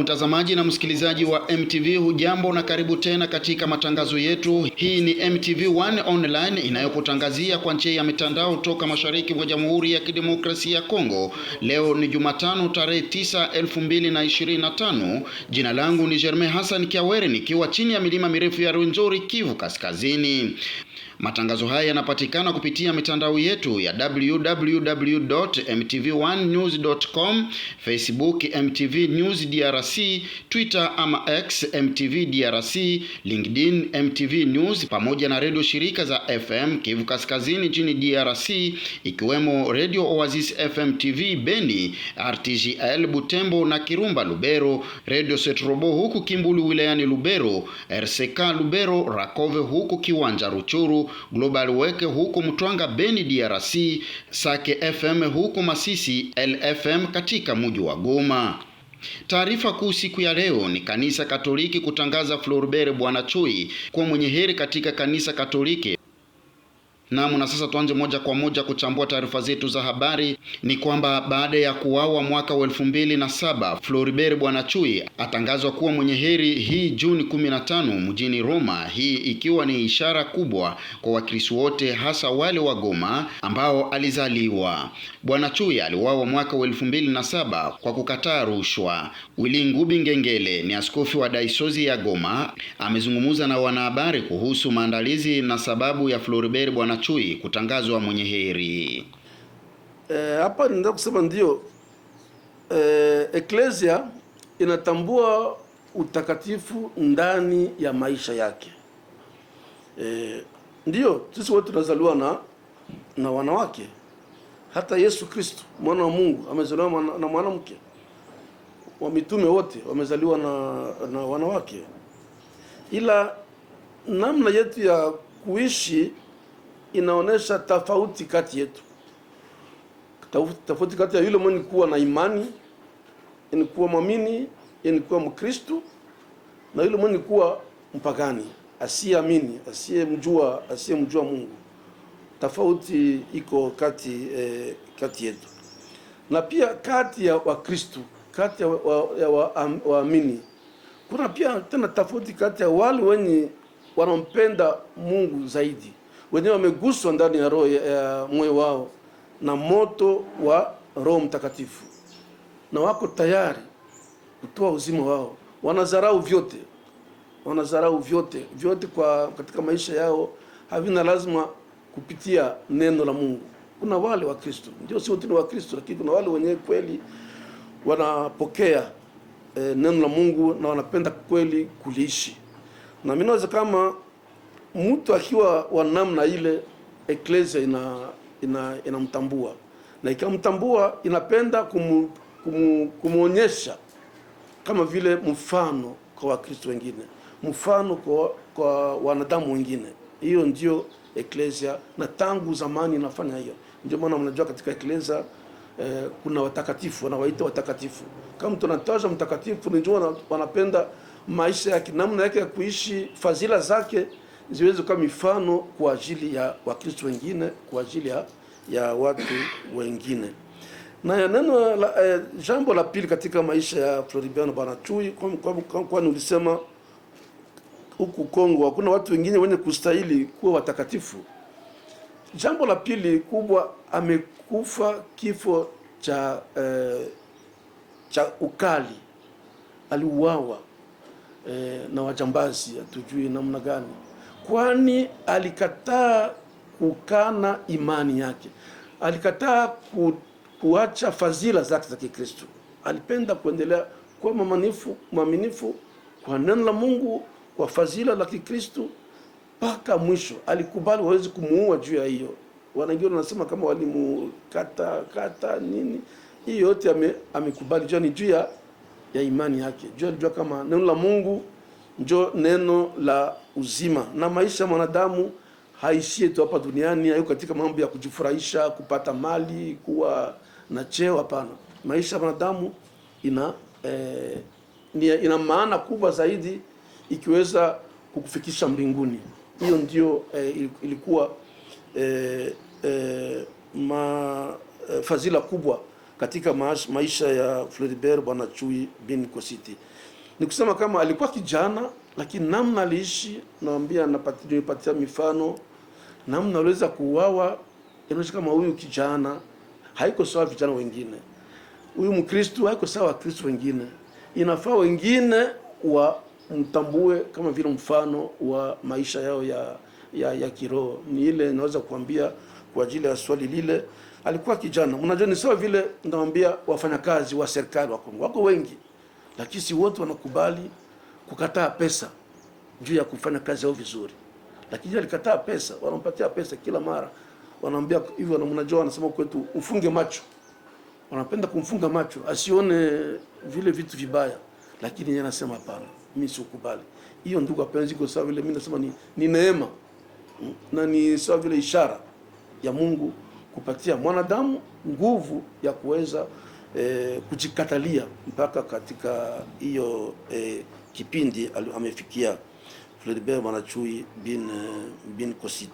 Mtazamaji na msikilizaji wa MTV, hujambo na karibu tena katika matangazo yetu. Hii ni MTV1 online inayokutangazia kwa njia ya mitandao toka mashariki mwa Jamhuri ya Kidemokrasia ya Kongo. Leo ni Jumatano tarehe 9 2025. Jina langu ni jerme Hassan Kiaweri nikiwa chini ya milima mirefu ya Rwenzori, Kivu Kaskazini. Matangazo haya yanapatikana kupitia mitandao yetu ya www.mtv1news.com, Facebook MTV News DRC, Twitter ama X MTV DRC, LinkedIn MTV News pamoja na redio shirika za FM Kivu Kaskazini nchini DRC ikiwemo Radio Oasis FM TV Beni, RTGL Butembo na Kirumba Lubero, Radio Setrobo huku Kimbulu wilayani Lubero, RCK Lubero, Rakove huku Kiwanja Ruchuru Rutshuru, Global Weke huko Mtwanga, Beni DRC, Sake FM huko Masisi, LFM katika mji wa Goma. Taarifa kuu siku ya leo ni kanisa Katoliki kutangaza Floribert Bwana Chui kuwa mwenye heri katika kanisa Katoliki. Naam, na sasa tuanze moja kwa moja kuchambua taarifa zetu za habari. Ni kwamba baada ya kuuawa mwaka wa elfu mbili na saba Floribert chui atangazwa kuwa mwenye heri hii Juni 15 mjini Roma, hii ikiwa ni ishara kubwa kwa Wakristo wote, hasa wale wa Goma ambao alizaliwa. bwana chui aliuawa mwaka wa elfu mbili na saba kwa kukataa rushwa. Willy Ngubi Ngengele ni askofu wa daisozi ya Goma, amezungumza na wanahabari kuhusu maandalizi na sababu ya Floribert Bwana Chui kutangazwa mwenye heri. Eh, hapa e, ninataka kusema ndio e, eh, eklesia inatambua utakatifu ndani ya maisha yake. E, ndio sisi wote tunazaliwa na, na wanawake. Hata Yesu Kristo mwana wa Mungu amezaliwa na, na mwanamke. Wa mitume wote wamezaliwa na, na wanawake, ila namna yetu ya kuishi inaonyesha tofauti kati yetu, tofauti kati ya yule mwenye kuwa na imani, ni kuwa mwamini, ni kuwa Mkristu, na yule mwenye kuwa mpagani asiyeamini, asiyemjua, asiyemjua Mungu. Tofauti iko kati, eh, kati yetu na pia kati ya Wakristu, kati ya waamini wa, wa kuna pia tena tofauti kati ya wale wenye wanampenda Mungu zaidi wenyewe wameguswa ndani ya roho ya moyo wao na moto wa Roho Mtakatifu na wako tayari kutoa uzima wao. Wanazarau vyote, wanazarau vyote vyote kwa katika maisha yao havina lazima kupitia neno la Mungu. Kuna wale wa Kristo, ndio si wote ni wa Kristo, lakini kuna wale wenyewe kweli wanapokea eh, neno la Mungu na wanapenda kweli kuliishi, na mimi naweza kama mtu akiwa wa namna ile, eklesia inamtambua ina, inamtambua na ikamtambua inapenda kumu, kumu, kumuonyesha kama vile mfano kwa Wakristo wengine, mfano kwa, kwa wanadamu wengine. Hiyo ndio eklesia, na tangu zamani inafanya hiyo. Ndio maana mnajua katika eklesia eh, kuna watakatifu wanawaita watakatifu. Kama mtu anataja mtakatifu, nijua wanapenda maisha yake, namna yake ya kuishi, fadhila zake ziweze kuwa mifano kwa ajili ya Wakristo wengine, kwa ajili ya, ya watu wengine. Na ya neno la, eh, jambo la pili katika maisha ya Floribiano Banachui kwani kwa, kwa, kwa ulisema huku Kongo hakuna watu wengine wenye kustahili kuwa watakatifu. Jambo la pili kubwa, amekufa kifo cha eh, cha ukali, aliuawa eh, na wajambazi, hatujui namna gani kwani alikataa kukana imani yake, alikataa ku, kuacha fadhila zake za Kikristo. Alipenda kuendelea kuwa mwaminifu mwaminifu kwa neno la Mungu, kwa fadhila la Kikristo mpaka mwisho. Alikubali wawezi kumuua juu ya hiyo. Wanagiro wanasema kama walimukata kata nini, hiyo yote amekubali ame jua ni juu ya imani yake, juu alijua kama neno la Mungu njo neno la uzima, na maisha mwanadamu haishie tu hapa duniani, hayo katika mambo ya kujifurahisha, kupata mali, kuwa na cheo. Hapana, maisha ya mwanadamu ina eh, ina maana kubwa zaidi ikiweza kukufikisha mbinguni. Hiyo ndio eh, ilikuwa eh, eh, ma, eh, fadhila kubwa katika maisha ya Floribert Bwana Chui bin Kositi ni kusema kama alikuwa kijana, lakini namna aliishi, naambia napatia mifano, namna aliweza kuuawa, inaonyesha kama huyu kijana haiko sawa vijana wengine, huyu Mkristo haiko sawa Wakristo wengine. Inafaa wengine wamtambue kama vile mfano wa maisha yao ya ya, ya kiroho. Ni ile naweza kuambia kwa ajili ya swali lile, alikuwa kijana. Unajua, ni sawa vile ndawambia wafanyakazi wa serikali wa Kongo wako wengi lakini si wote wanakubali kukataa pesa juu ya kufanya kazi yao vizuri. Lakini alikataa pesa, wanampatia pesa kila mara, wanaambia hivyo, wanamnajua, wanasema kwetu ufunge macho, wanapenda kumfunga macho asione vile vitu vibaya, lakini yeye anasema hapana, mimi sikubali hiyo. Ndugu apenzi, iko sawa vile mimi nasema ni, ni neema hmm, na ni sawa vile ishara ya Mungu kupatia mwanadamu nguvu ya kuweza e, kujikatalia mpaka katika hiyo e, kipindi amefikia Floribert Wanachui bin, eh, bin Kositi.